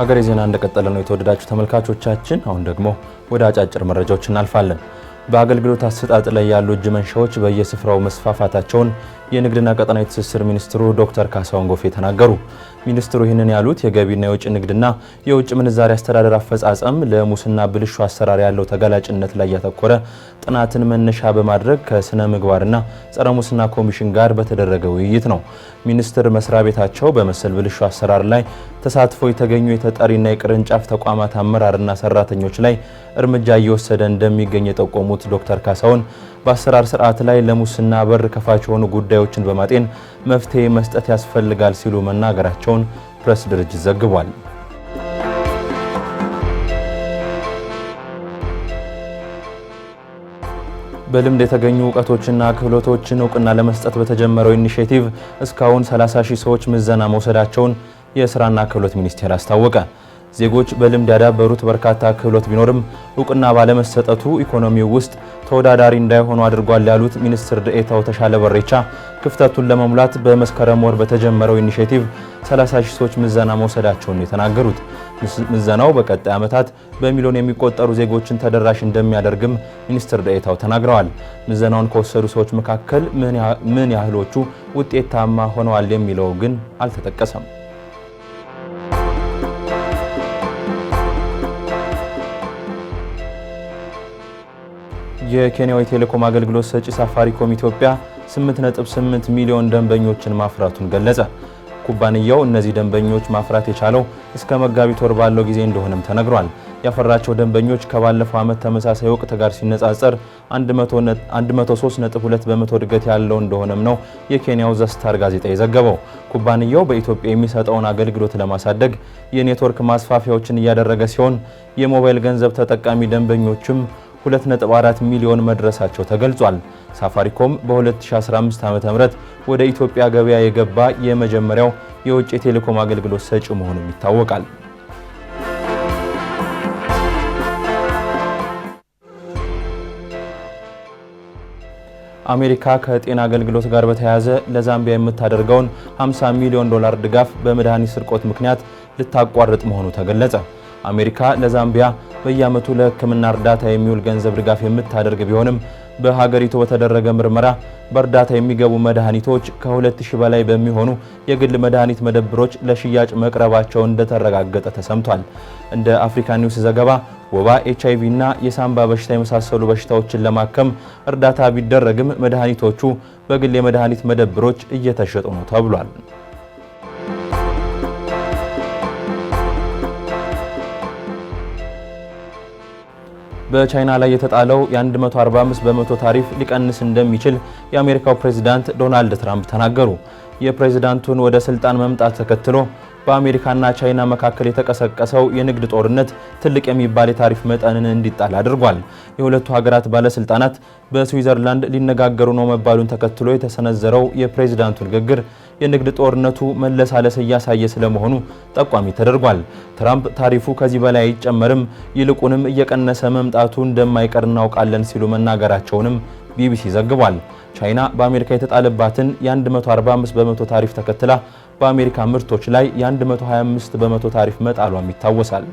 ሀገሬ ዜና እንደቀጠለ ነው። የተወደዳችሁ ተመልካቾቻችን፣ አሁን ደግሞ ወደ አጫጭር መረጃዎች እናልፋለን። በአገልግሎት አሰጣጥ ላይ ያሉ እጅ መንሻዎች በየስፍራው መስፋፋታቸውን የንግድና ቀጠናዊ ትስስር ሚኒስትሩ ዶክተር ካሳሁን ጎፌ ተናገሩ። ሚኒስትሩ ይህንን ያሉት የገቢና የውጭ ንግድና የውጭ ምንዛሪ አስተዳደር አፈጻጸም ለሙስና ብልሹ አሰራር ያለው ተጋላጭነት ላይ ያተኮረ ጥናትን መነሻ በማድረግ ከስነ ምግባርና ጸረ ሙስና ኮሚሽን ጋር በተደረገ ውይይት ነው። ሚኒስቴር መስሪያ ቤታቸው በመሰል ብልሹ አሰራር ላይ ተሳትፎ የተገኙ የተጠሪና የቅርንጫፍ ተቋማት አመራርና ሰራተኞች ላይ እርምጃ እየወሰደ እንደሚገኝ የጠቆሙት ዶክተር ካሳሁን በአሰራር ስርዓት ላይ ለሙስና በር ከፋች የሆኑ ጉዳዮችን በማጤን መፍትሄ መስጠት ያስፈልጋል ሲሉ መናገራቸውን ፕሬስ ድርጅት ዘግቧል። በልምድ የተገኙ እውቀቶችና ክህሎቶችን እውቅና ለመስጠት በተጀመረው ኢኒሽቲቭ እስካሁን 30 ሺህ ሰዎች ምዘና መውሰዳቸውን የስራና ክህሎት ሚኒስቴር አስታወቀ። ዜጎች በልምድ ያዳበሩት በርካታ ክህሎት ቢኖርም እውቅና ባለመሰጠቱ ኢኮኖሚው ውስጥ ተወዳዳሪ እንዳይሆኑ አድርጓል ያሉት ሚኒስትር ደኤታው ተሻለ በሬቻ ክፍተቱን ለመሙላት በመስከረም ወር በተጀመረው ኢኒሽቲቭ 30 ሺህ ሰዎች ምዘና መውሰዳቸውን የተናገሩት ምዘናው በቀጣይ ዓመታት በሚሊዮን የሚቆጠሩ ዜጎችን ተደራሽ እንደሚያደርግም ሚኒስትር ደኤታው ተናግረዋል። ምዘናውን ከወሰዱ ሰዎች መካከል ምን ያህሎቹ ውጤታማ ሆነዋል የሚለው ግን አልተጠቀሰም። የኬንያው የቴሌኮም አገልግሎት ሰጪ ሳፋሪኮም ኢትዮጵያ 8.8 ሚሊዮን ደንበኞችን ማፍራቱን ገለጸ። ኩባንያው እነዚህ ደንበኞች ማፍራት የቻለው እስከ መጋቢት ወር ባለው ጊዜ እንደሆነም ተነግሯል። ያፈራቸው ደንበኞች ከባለፈው ዓመት ተመሳሳይ ወቅት ጋር ሲነጻጸር 103.2 በመቶ እድገት ያለው እንደሆነም ነው የኬንያው ዘስታር ጋዜጣ የዘገበው። ኩባንያው በኢትዮጵያ የሚሰጠውን አገልግሎት ለማሳደግ የኔትወርክ ማስፋፊያዎችን እያደረገ ሲሆን የሞባይል ገንዘብ ተጠቃሚ ደንበኞችም 2.4 ሚሊዮን መድረሳቸው ተገልጿል። ሳፋሪኮም በ2015 ዓ.ም ወደ ኢትዮጵያ ገበያ የገባ የመጀመሪያው የውጭ የቴሌኮም አገልግሎት ሰጪ መሆኑም ይታወቃል። አሜሪካ ከጤና አገልግሎት ጋር በተያያዘ ለዛምቢያ የምታደርገውን 50 ሚሊዮን ዶላር ድጋፍ በመድኃኒት ስርቆት ምክንያት ልታቋርጥ መሆኑ ተገለጸ። አሜሪካ ለዛምቢያ በየዓመቱ ለሕክምና እርዳታ የሚውል ገንዘብ ድጋፍ የምታደርግ ቢሆንም በሀገሪቱ በተደረገ ምርመራ በእርዳታ የሚገቡ መድኃኒቶች ከ2000 በላይ በሚሆኑ የግል መድኃኒት መደብሮች ለሽያጭ መቅረባቸው እንደተረጋገጠ ተሰምቷል። እንደ አፍሪካ ኒውስ ዘገባ ወባ፣ ኤች አይ ቪ እና የሳምባ በሽታ የመሳሰሉ በሽታዎችን ለማከም እርዳታ ቢደረግም መድኃኒቶቹ በግል የመድኃኒት መደብሮች እየተሸጡ ነው ተብሏል። በቻይና ላይ የተጣለው የ145 በመቶ ታሪፍ ሊቀንስ እንደሚችል የአሜሪካው ፕሬዚዳንት ዶናልድ ትራምፕ ተናገሩ። የፕሬዚዳንቱን ወደ ስልጣን መምጣት ተከትሎ በአሜሪካና ቻይና መካከል የተቀሰቀሰው የንግድ ጦርነት ትልቅ የሚባል የታሪፍ መጠንን እንዲጣል አድርጓል። የሁለቱ ሀገራት ባለስልጣናት በስዊዘርላንድ ሊነጋገሩ ነው መባሉን ተከትሎ የተሰነዘረው የፕሬዚዳንቱ ንግግር የንግድ ጦርነቱ መለሳለስ እያሳየ ስለመሆኑ ጠቋሚ ተደርጓል። ትራምፕ ታሪፉ ከዚህ በላይ አይጨመርም፣ ይልቁንም እየቀነሰ መምጣቱ እንደማይቀር እናውቃለን ሲሉ መናገራቸውንም ቢቢሲ ዘግቧል። ቻይና በአሜሪካ የተጣለባትን የ145 በመቶ ታሪፍ ተከትላ በአሜሪካ ምርቶች ላይ የ125 በመቶ ታሪፍ መጣሏም ይታወሳል።